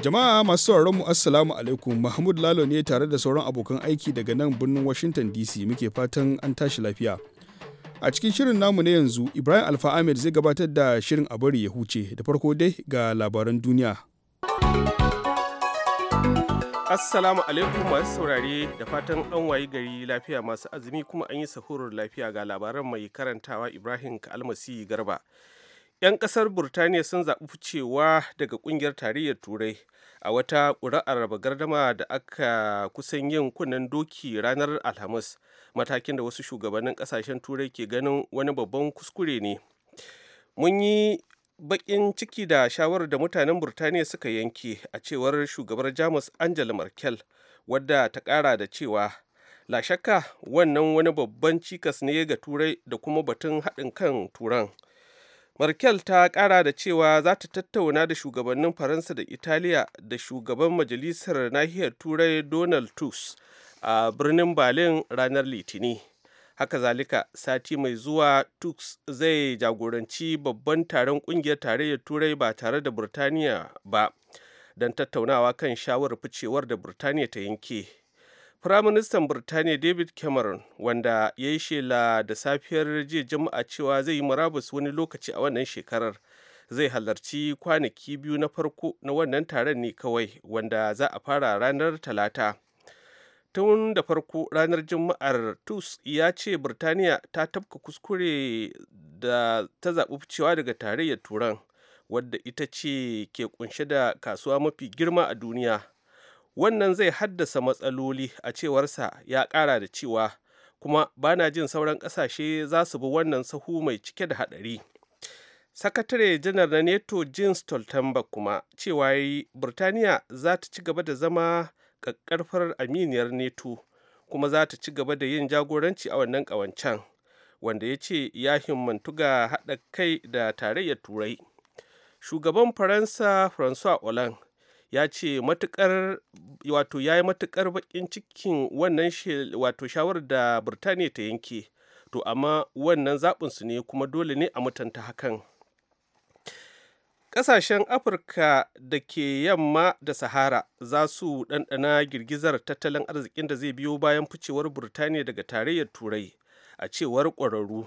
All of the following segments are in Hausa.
Jama'a masu sauraron mu Assalamu alaikum Mahmud Lalo ne tare da sauran abokan aiki daga nan birnin Washington DC muke fatan an tashi lafiya. A cikin shirin namu na yanzu Ibrahim Alfa Ahmed zai gabatar da shirin a bari ya huce da farko dai ga labaran duniya. Assalamu alaikum masu saurare da fatan an wayi gari lafiya masu azumi kuma an yi sahurar lafiya ga labaran mai karantawa Ibrahim Kalmasi Garba. 'yan kasar burtaniya sun zaɓi ficewa daga ƙungiyar tarayyar turai a wata ƙuri'ar raba gardama da aka kusan yin kunnen doki ranar alhamis matakin da wasu shugabannin ƙasashen turai ke ganin wani babban kuskure ne mun yi baƙin ciki da shawarar da mutanen burtaniya suka yanke a cewar shugabar jamus angela merkel wadda ta ƙara da cewa la shakka wannan wani babban cikas ne ga turai da kuma batun haɗin kan turan Merkel ta kara da cewa za ta tattauna da shugabannin Faransa da Italiya da shugaban Majalisar Nahiyar Turai Donald Tusk a birnin Berlin ranar Litini. Haka zalika sati mai zuwa Tusk zai jagoranci babban taron kungiyar tarayyar Turai ba tare da Burtaniya ba don tattaunawa kan shawarar ficewar da Burtaniya ta yanke. Firaministan Birtaniya David Cameron wanda ya yi shela da safiyar jiya Juma'a cewa zai yi murabus wani lokaci a wannan shekarar zai halarci kwanaki biyu na farko na wannan taron ne kawai wanda za a fara ranar Talata. Tun da farko ranar Juma'ar Tus ya ce Birtaniya ta tafka kuskure da ta zaɓi ficewa daga tarayyar Turan wadda ita ce ke kunshe da kasuwa mafi girma a duniya. wannan zai haddasa matsaloli a cewarsa ya ƙara da cewa kuma ba na jin sauran ƙasashe za su bi wannan sahu mai cike da haɗari sakatare janar na neto jin stoltenberg kuma cewa yi burtaniya za ta ci gaba da zama ƙaƙƙarfar aminiyar neto kuma za ta ci gaba da yin jagoranci a wannan ƙawancen wanda ya ce ya himmantu ga haɗa kai da tarayyar turai shugaban faransa francois hollande ya ce matukar wato ya yi matukar bakin cikin wannan wato shawarar da birtaniya ta yanke to amma wannan zaɓinsu ne kuma dole ne a mutanta hakan ƙasashen afirka da ke yamma da sahara za su ɗanɗana girgizar tattalin arzikin da zai biyo bayan ficewar birtaniya daga tarayyar turai a cewar ƙwararru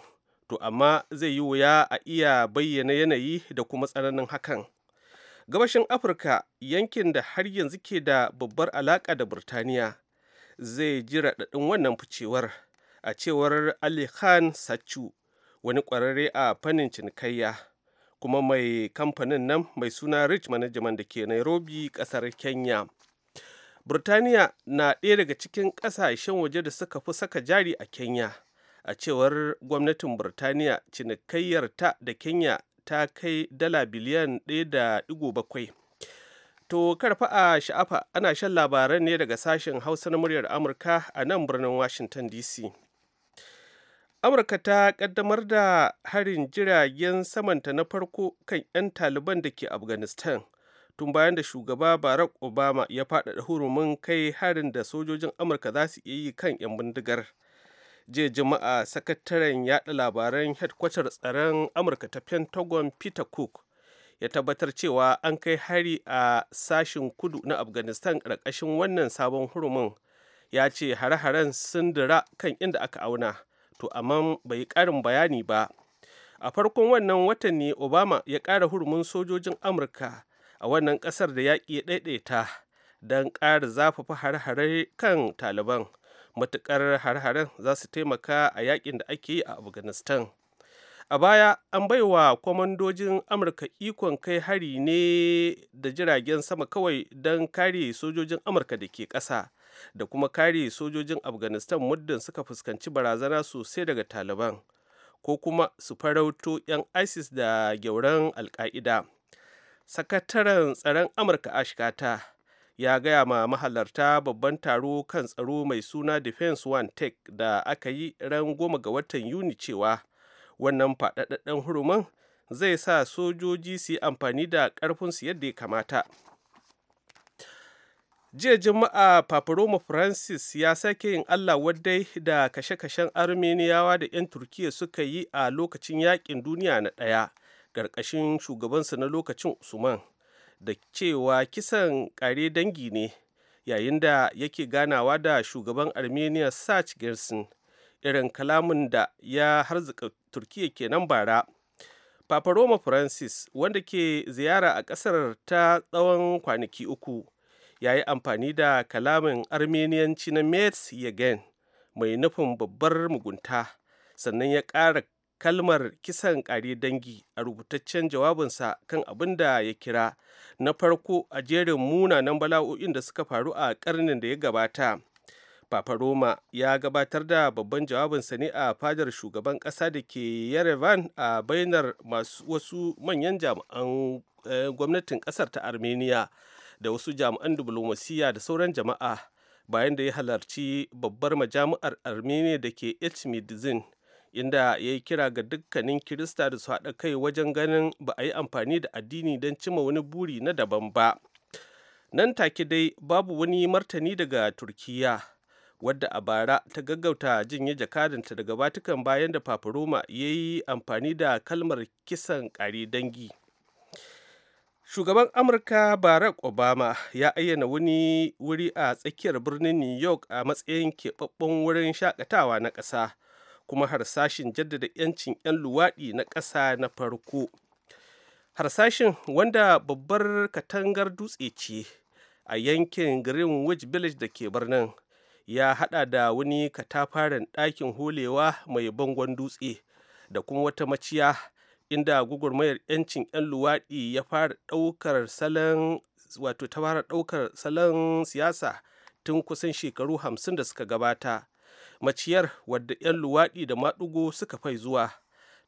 to amma zai yi wuya a iya bayyana yanayi da kuma tsananin hakan gabashin afirka yankin da har yanzu ke da babbar alaƙa da burtaniya zai ji raɗaɗin wannan ficewar a cewar ali khan sachu wani ƙwararre a fannin cinikayya kuma mai kamfanin nan mai suna rich management da ke nairobi ƙasar kenya burtaniya na ɗaya daga cikin ƙasashen waje da suka fi saka jari a kenya a cewar gwamnatin burtaniya cinikayyar ta da kenya ta kai dala biliyan ɗaya da 1.7 to karfa a sha'afa ana shan labaran ne daga sashen hausa na muryar amurka a nan birnin washington dc amurka ta ƙaddamar da harin jiragen samanta na farko kan 'yan taliban da ke afghanistan tun bayan da shugaba barack obama ya faɗaɗa hurumin kai harin da sojojin amurka za su iya yi kan 'yan bindigar jiya juma'a sakataren yada labaran hedkwatar tsaron amurka ta pentagon peter cook ya tabbatar cewa an kai hari a sashin kudu na afghanistan ƙarƙashin wannan sabon hurumin ya ce hare-haren sun dira kan inda aka auna to amma bai yi ƙarin bayani ba a farkon wannan watan ne obama ya ƙara hurumin sojojin amurka a wannan ƙasar da yaƙi ya ɗaiɗaita don ƙara zafafa hare-hare kan taliban matukar har-haren za su taimaka a yakin da ake yi a afghanistan a baya an baiwa kwamandojin amurka ikon kai hari ne da jiragen sama kawai don kare sojojin amurka da ke ƙasa da kuma kare sojojin afghanistan muddin suka fuskanci barazana sosai daga taliban ko kuma su farauto 'yan isis da gyauran alka'ida sakataren tsaron amurka ashkata ya gaya ma mahalarta babban taro kan tsaro mai suna defense one tech da aka yi ran goma ga watan yuni cewa wannan faɗaɗɗen hurumin zai sa sojoji su yi amfani da ƙarfinsu yadda ya kamata jiya juma'a paparoma francis ya sake yin allah waddai da kashe-kashen armeniyawa da 'yan turkiya suka yi a lokacin yakin duniya na ɗaya ƙarƙashin shugabansa na lokacin usman da cewa kisan kare dangi ne yayin da yake ganawa da shugaban armenia sach gerson irin kalamin da ya harzuka turkiya kenan bara papa roma francis wanda ke ziyara a kasar ta tsawon kwanaki uku ya yi amfani da kalamin armeniyanci na mets yagen mai nufin babbar mugunta sannan ya ƙara kalmar kisan kare dangi a rubutaccen jawabinsa kan abin da ya kira na farko a jerin munanan bala'o'in da suka faru a karnin da ya gabata Papa Roma ya gabatar da babban jawabinsa ne a fadar shugaban ƙasa da ke Yerevan a bainar masu wasu manyan jami'an eh, gwamnatin ƙasar ta Armenia da wasu jami'an diplomasiya da sauran jama'a bayan da ya halarci babbar majami'ar Armenia da ke Etmidzin inda ya yi kira ga dukkanin kirista da su haɗa kai wajen ganin ba a yi amfani da addini don cima wani buri na daban ba nan take dai babu wani martani daga turkiya wadda a bara ta gaggauta jinye jakadanta daga batukan bayan da fafaroma ya yi amfani da kalmar kisan ƙare dangi shugaban amurka barack obama ya ayyana wani wuri a tsakiyar birnin new york a matsayin keɓaɓɓen wurin shakatawa na ƙasa kuma harsashin jaddada 'yancin 'yan luwaɗi na ƙasa na farko harsashin wanda babbar katangar dutse ce a yankin greenwich village da ke birnin ya hada da wani katafaren ɗakin holewa mai bangon dutse da kuma wata maciya inda gugurmayar 'yancin 'yan luwaɗi ya fara ɗaukar salon wato ta fara ɗaukar salon siyasa tun kusan shekaru hamsin da suka gabata maciyar wadda 'yan luwaɗi da maɗugo suka fai zuwa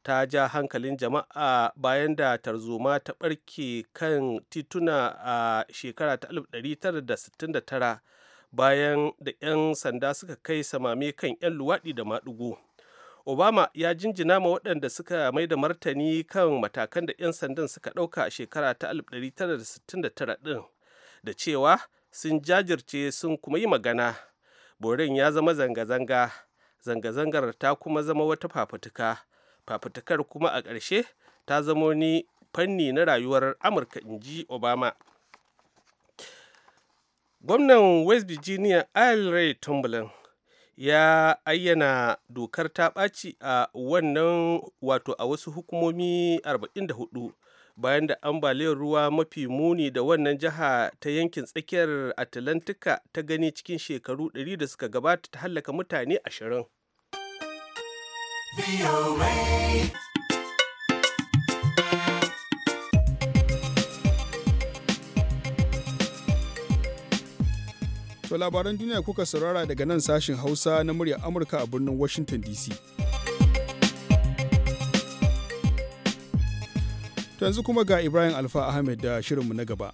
ta ja hankalin jama'a bayan da tarzoma ta ɓarke kan tituna a shekara ta 1969 bayan da 'yan sanda suka kai samame kan 'yan luwaɗi da maɗugo obama ya jinjina ma waɗanda suka mai da martani kan matakan da 'yan sandan suka ɗauka a shekara ta 1969 ɗin da cewa sun jajirce sun kuma yi magana borin ya zama zanga-zanga zanga-zangar ta kuma zama wata fafutuka fafutukar kuma a ƙarshe ta zama ni fanni na rayuwar amurka in ji obama gwamnan west virginia al ray tumblin ya ayyana dokar ta ɓaci a wannan wato a wasu hukumomi 44 bayan da ambaliyar ruwa mafi muni da wannan jiha ta yankin tsakiyar atlantika ta gani cikin shekaru 100 da suka gabata ta hallaka mutane 20 To labaran duniya kuka saurara daga nan sashin Hausa na muryar Amurka a birnin Washington DC. yanzu kuma ga Ibrahim Alfa Ahmed da shirinmu na gaba.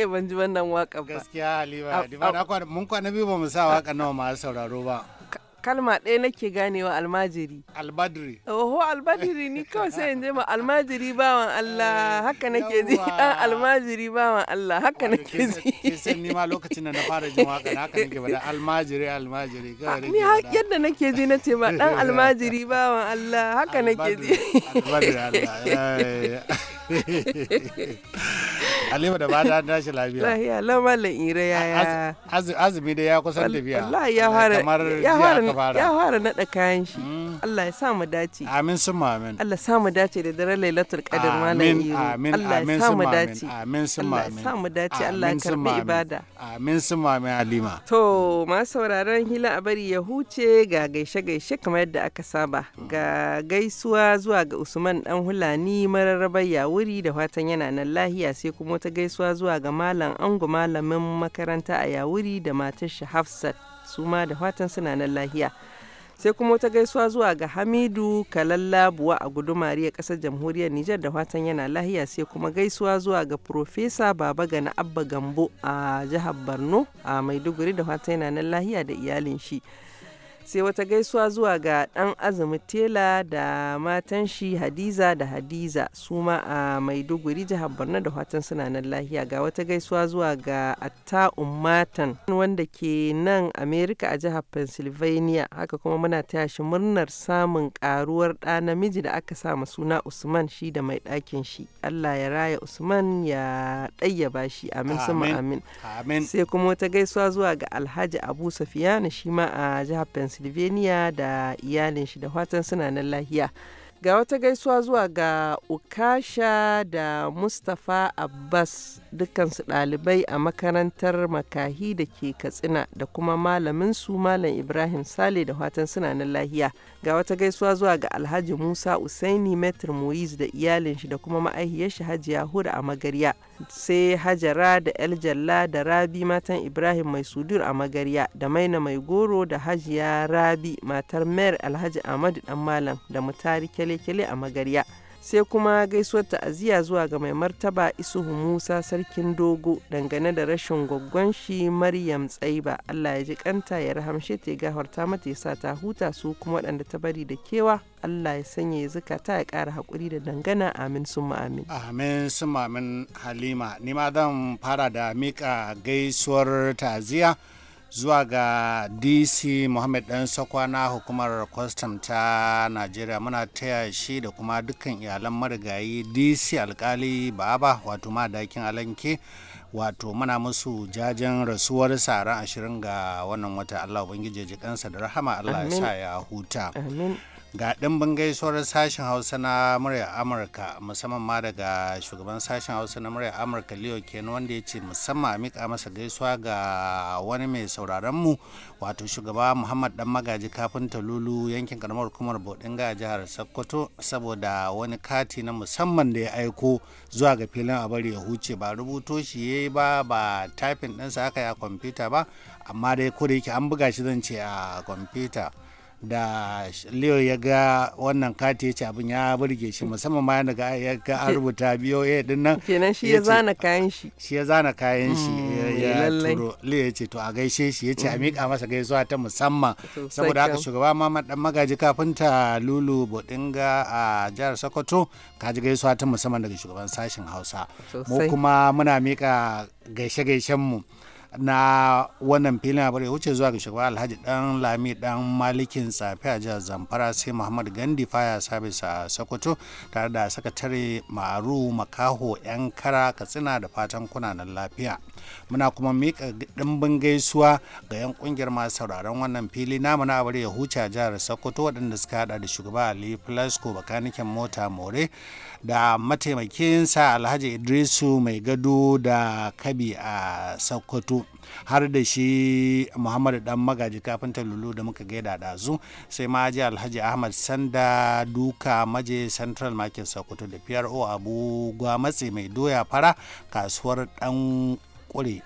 daɗe ban ji wannan waka ba gaskiya halima mun kwana biyu ba mu sa waka nawa masu sauraro ba kalma ɗaya nake ganewa almajiri albadiri oho albadiri ni kawai sai yanzu ma almajiri bawan Allah haka nake ji almajiri bawan Allah haka nake ji kisan ni ma lokacin da na fara jin waka haka nake bada almajiri almajiri ah, ni yadda nake ji na ce ma dan almajiri bawan Allah haka nake ji albadiri Allah eh. Halima da ba ta shi lafiya. Lafiya da ire ya ya. Azumi da ya kusan tafiya. Allah ya fara ya fara ya fara nada kayan shi. Mm. Allah ya sa mu dace. Amin summa amin. Allah sa mu dace da daren Lailatul Qadr malam ire. Amin amin summa amin. Amin summa amin. Allah ya sa mu dace Allah ya karbi ibada. Amin summa amin Halima. To ma sauraron hila a bari ya huce ga gaishe gaishe kamar yadda aka saba. Ga gaisuwa zuwa ga Usman dan Hulani mararrabar ya wuri da fatan yana nan lahiya sai kuma wata gaisuwa zuwa ga malam ango malamin makaranta a yawuri da matar shi Hafsat su ma da fatan suna nan lahiya. Sai kuma wata gaisuwa zuwa ga Hamidu buwa a mariya kasar jamhuriyar Nijar da fatan yana lahiya sai kuma gaisuwa zuwa ga Profesa Baba Gana Abba Gambo a jihar Borno a Maiduguri da fatan yana nan lahiya da iyalin shi. sai wata gaisuwa zuwa ga ɗan azumi tela da matan shi hadiza da hadiza su ma a maiduguri jihar borno da watan suna nan lahiya ga wata gaisuwa zuwa ga atta ummatan wanda ke nan america a jihar pennsylvania haka kuma muna taya shi murnar samun karuwar ɗa namiji da aka sa suna usman shi da mai ɗakin shi allah ya raya usman ya ɗayyaba shi amin sama amin sai kuma wata gaisuwa zuwa ga alhaji abu safiyana shi ma a jihar pennsylvania pennsylvania da iyalin shi da watan suna nan lahiya ga wata gaisuwa zuwa ga ukasha da mustapha abbas dukansu ɗalibai a makarantar makahi da ke katsina da kuma malamin su malam ibrahim sale da watan suna nan lahiya ga wata gaisuwa zuwa ga alhaji musa usaini metr muiz da iyalin shi da kuma ma'ahiyar shi hajiya hura a magarya sai Hajara da Eljalla da Rabi matan Ibrahim Mai Sudur a Magarya da Maina Mai Goro da Hajiya Rabi matar Mayar Alhaji Ahmadu Dan Malam da Mutari Kyale-kyale a Magarya. sai kuma gaisuwar ta'aziyya zuwa ga mai martaba isuhu musa sarkin dogo dangane da rashin gwaggon shi maryam tsaiba allah ya ji kanta ya rahamshe ta gafarta mata ya sa ta huta su kuma waɗanda ta bari da kewa allah ya sanya ya zuka ta ya kara haƙuri da dangana amin sun amin amin sun halima ni ma zan fara da mika gaisuwar ta'aziyya zuwa ga dc mohammed dan sakwa na hukumar kwastam ta nigeria muna taya shi da kuma dukkan iyalan marigayi dc alkali baba wato madakin alanke wato muna musu jajen rasuwar ran ashirin ga wannan wata allah ubangiji ya ji da rahama allah ya sa ya huta ga ɗimbin gaisuwar sashen hausa na murya amurka musamman ma daga shugaban sashen hausa na murya amurka leo kenan wanda ya ce musamman a mika masa gaisuwa ga wani mai sauraron mu wato shugaba muhammad dan magaji kafin talulu yankin karamar hukumar bodinga a jihar sokoto saboda wani kati na musamman da ya aiko zuwa ga filin a bari ya huce ba rubuto shi ya yi ba ba tafin ɗinsa aka yi a kwamfuta ba amma dai ko da yake an buga shi zan ce a kwamfuta da leo ya ga wannan kati ya ce abin ya burge shi musamman ma daga ya ga an rubuta ya din nan kenan shi ya zana kayan shi shi ya zana kayan shi mm, ya turo leo ya ce to a gaishe shi ya ce a mm. miƙa masa gaisuwa ta musamman saboda haka shugaba ma madan magaji kafinta lulu bodinga a jihar sokoto ka ji gaisuwa ta musamman daga shugaban sashen hausa mu kuma muna miƙa gaishe-gaishen mu na wannan filin abar ya wuce zuwa ga shugaba alhaji dan lami dan malikin tsafi a jihar zamfara sai muhammad gandi faya sabis a sokoto tare da sakatare maru makaho yan kara katsina da fatan kunanan lafiya muna kuma mika dimbin gaisuwa ga yan kungiyar masu sauraron wannan fili na mana abar ya huce a jihar sokoto waɗanda suka hada da shugaba ali plasco bakanikin mota more da mataimakinsa alhaji idrisu mai gado da kabi a sokoto har da shi muhammadu dan magaji kafinta lulu da muka gaida ɗazu sai ma ji alhaji ahmad sanda duka maje central market sokoto da pro abu matsi mai doya fara kasuwar dan kure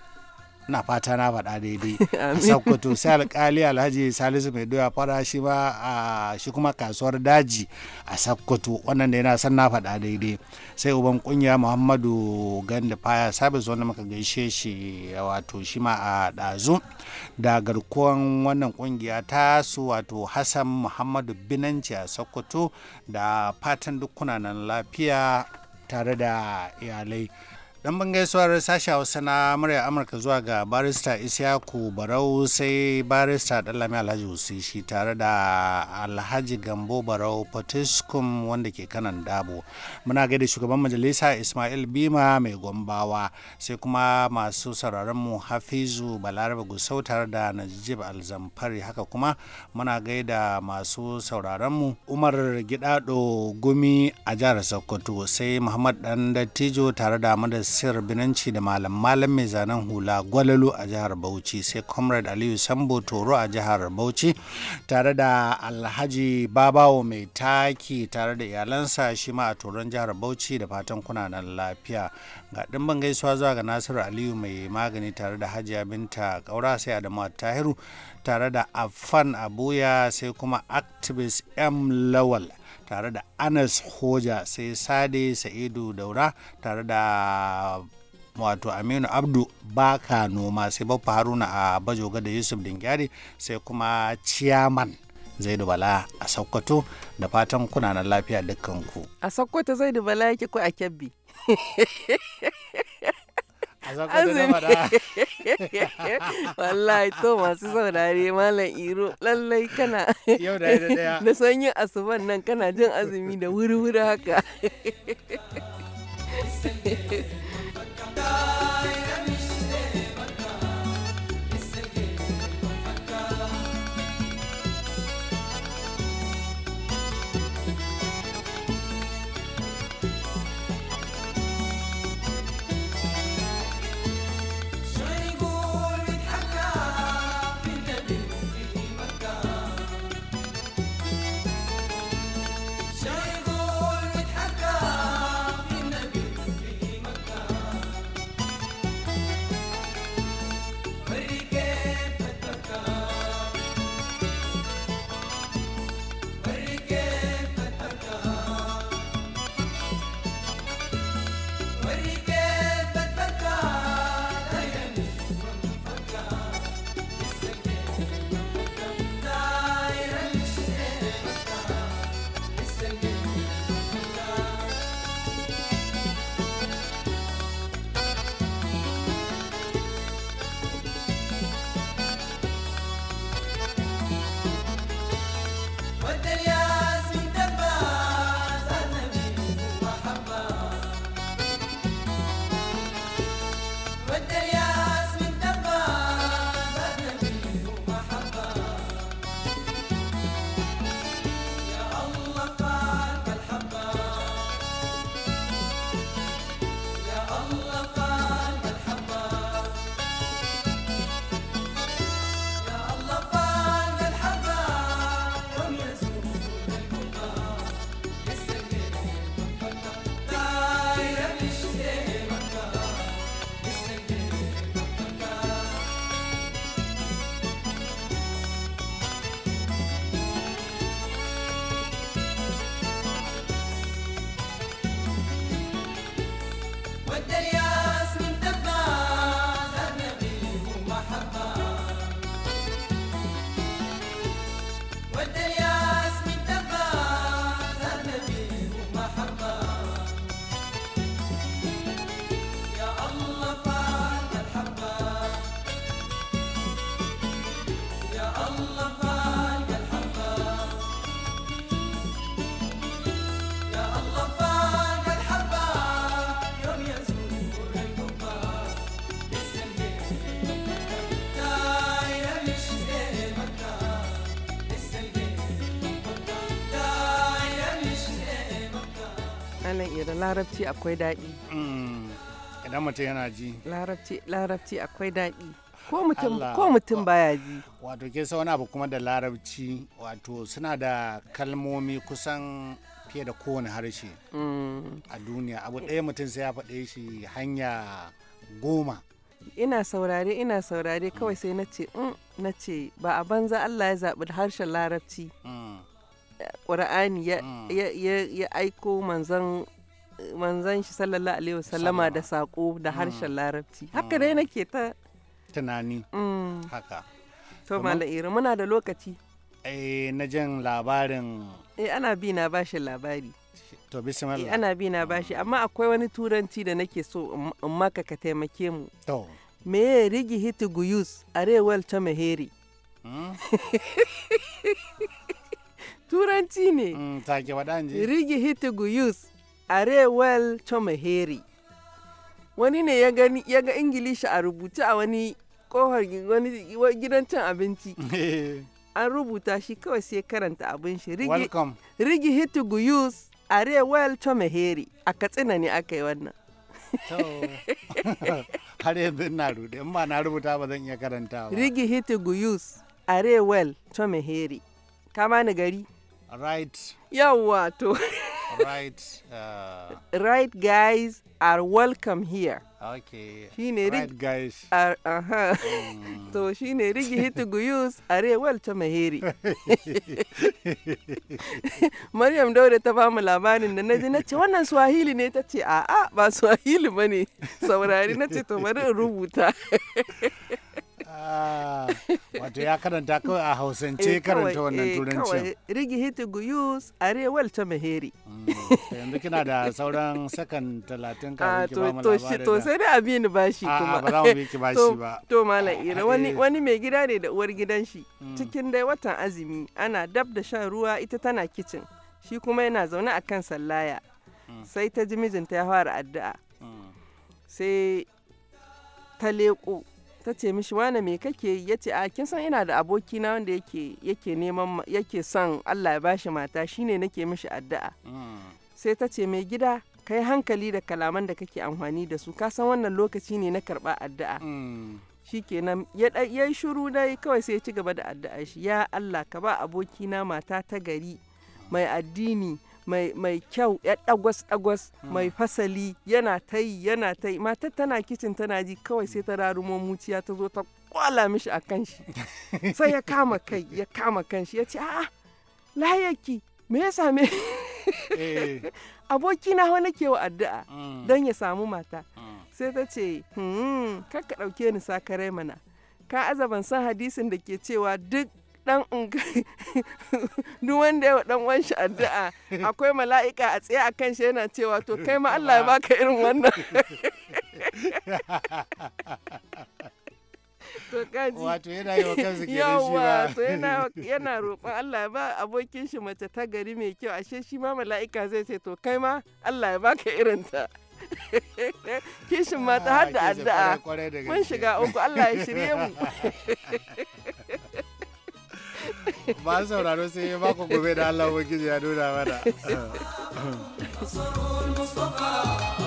na fata na faɗa daidai sakkwato sai alkali alhaji salisu mai doya fara shi ba a shi kuma kasuwar daji a sakkwato wannan da yana san na faɗa daidai sai uban kunya muhammadu ganda faya sabis wanda muka gaishe shi wato shi ma a ɗazu da garkuwan wannan kungiya ta su wato hassan muhammadu binanci a sakkwato da fatan duk kunanan lafiya tare da iyalai dan ban gaisuwar sashi hausa na murya amurka zuwa ga barista isyaku barau sai barista Lami alhaji shi tare da alhaji gambo barau potiskum wanda ke kanan dabo muna gaida shugaban majalisa ismail bima mai gombawa sai kuma masu sauraron mu hafizu balarabe gusau tare da najib alzamfari haka kuma muna gaida masu sauraron mu umar gidado gumi a jihar sokoto sai muhammad dan dattijo tare da madas nasir binanci da malam malam mai zanen hula gwalalo a jihar bauchi sai comrade aliyu sambo toro a jihar bauchi tare da alhaji babawo mai taki tare da iyalansa shi ma a toron jihar bauchi da fatan kuna nan lafiya ga ɗimbin gaisuwa zuwa ga nasiru aliyu mai magani tare da hajiya binta kaura sai adamu tahiru tare da afan abuya sai kuma activist m lawal tare da anas hoja sai sade sa'idu daura tare da wato aminu abdu baka noma sai babba haruna a bajoga da yusuf dingyari sai kuma ciyaman zaidu bala a sokoto da fatan kuna na lafiya dukkan ku a sokoto zaidu bala yake ko a kebbi wallahi to masu saurare malam iro lallai kana yau da da sanyin asuban nan kana jin azumi da wuri-wuri haka larabci akwai daɗi hmm, idan mutum yana ji larabci larabci akwai daɗi ko mutum ko mutum baya ji wato ke sa wani abu kuma da larabci wato suna da kalmomi kusan fiye da kowane harshe hmm. a duniya abu ɗaya mutum sai ya faɗe shi hanya goma ina saurare ina saurare kawai sai na ce mm, na ce ba a banza Allah ya zaɓi harshen larabci hmm. ƙura'ani ya aiko manzan manzan shi sallallahu alaihi wasallama da sako da mm. harshen larabci mm. haka dai nake ta tunani mm. haka to mala'ira muna da lokaci eh na jin labarin eh ana bi na bashi labari to bismillah eh, ana bi na bashi amma akwai wani turanci da nake so in maka ka taimake mu to me rigi hiti guyus arewal ta maheri hmm? turanci ne ta ke rigi hiti guyus Arewel Tomoheri. Wani ne ya gani ya ga Ingilishi a rubuce a wani kofar gidan cin abinci. An rubuta shi kawai sai karanta abin shi. Rigi Hitu Guyus Arewel Tomoheri a Katsina ne aka yi wannan. har yanzu na rude in ba na rubuta ba zan iya karanta ba rigi hiti guyus arewel tomeheri kama ni gari right yawwa to right uh, right guys are welcome here okay shine right guys are uh -huh. mm. to shine rigi hitu guyus are maheri maryam daure ta bamu labarin da naji na ce wannan swahili ne ta ce a'a ba swahili bane saurari na ce to bari rubuta Ah, wato ya karanta kawai a hausance eh, karanta wannan eh, turancin rigi hiti guyus arewal ta maheri mm, yanzu kina da sauran sakan talatin kafin ah, to sai da abin bashi kuma ba za mu biki ba to malam ira wani eh. wani mai gida ne da uwar gidan shi mm. cikin dai watan azumi ana dab da shan ruwa ita tana kicin shi kuma yana zaune a kan sallaya mm. sai ta ji mijinta ya fara addu'a sai ta leƙo ta ce mishi wane me kake yi ya ce a kin san ina da aboki na wanda yake yake neman yake son Allah ya bashi mata shine nake mishi addu'a mm. sai ta ce mai gida kai hankali da kalaman da kake amfani da su ka san wannan lokaci ne na karba addu'a mm. shikenan ya ya shiru dai kawai sai ya ci gaba da addu'a shi ya Allah ka ba abokina mata ta gari mai addini mai kyau ya dagwas dagwas hmm. mai fasali yana ta yi yana ta yi matar tana kicin tana ji kawai sai ta rarumo muciya ta zo ta kwala mishi a kan shi sai ya kama kai ya kama kan shi ya ce a layaki me ya same aboki na wani ke wa addu'a hmm. don ya samu mata hmm. sai ta ce hmm kakka dauke ni sakarai mana ka azaban san hadisin da ke cewa duk dan duk wanda ya dan shi addu'a akwai mala'ika a tsaye akan shi yana cewa to kai ma Allah ya baka irin wannan to kaji wato yana yi wa kansa kenan shi ba to yana yana roƙon Allah ya ba abokin shi mace ta gari mai kyau ashe shi ma mala'ika zai ce to kai ma Allah ya baka irin ta kishin mata har da ah, addu'a mun shiga uku Allah ya shirye mu ba sauraro sai ya mako gobe da Allah wakil ya nuna mana. Ah.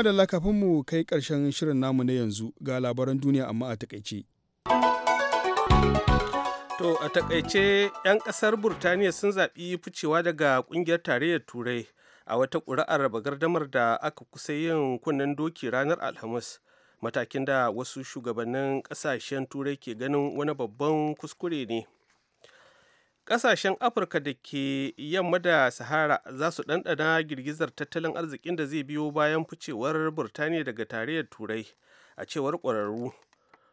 madalla kafin mu kai ƙarshen shirin namu na yanzu ga labaran duniya amma a takaice. To a takaice 'yan ƙasar Burtaniya sun zaɓi ficewa daga ƙungiyar tarayyar Turai a wata ƙuri'ar bagardamar da aka kusa yin kunnen doki ranar Alhamis. Matakin da wasu shugabannin ƙasashen Turai ke ganin wani babban kuskure ne. Ƙasashen Afirka da ke yamma da Sahara za su ɗanɗana girgizar tattalin arzikin da zai biyo bayan ficewar Burtaniya daga tarayyar Turai, a cewar ƙwararru.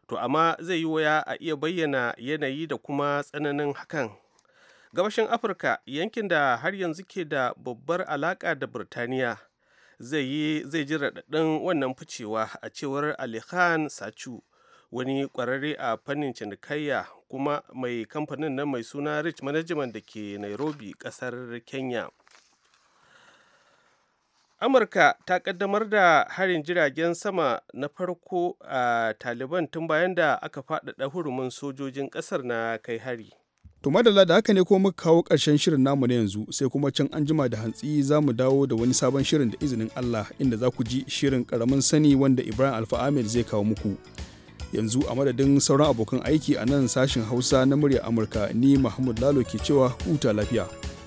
To amma zai yi waya a iya bayyana yanayi da kuma tsananin hakan. Gabashin Afirka yankin da har yanzu ke da babbar alaƙa da Burtaniya. zai yi zai ji raɗaɗin wannan ficewa a cewar alihan sachu wani kwararre a fannin cinikayya kuma mai kamfanin nan mai suna rich management da ke nairobi kasar kenya amurka ta kaddamar da harin jiragen sama na farko a taliban tun bayan da aka faɗaɗa hurumin sojojin ƙasar na kai hari to madalla da haka ne ko muka kawo ƙarshen shirin namu na yanzu sai kuma can an jima da hantsi za mu dawo da wani sabon shirin da izinin allah inda za ku ji shirin ƙaramin sani wanda ibrahim alfa zai kawo muku yanzu a madadin sauran abokan aiki a nan sashen hausa na murya amurka ni mahmud lalo ke cewa huta lafiya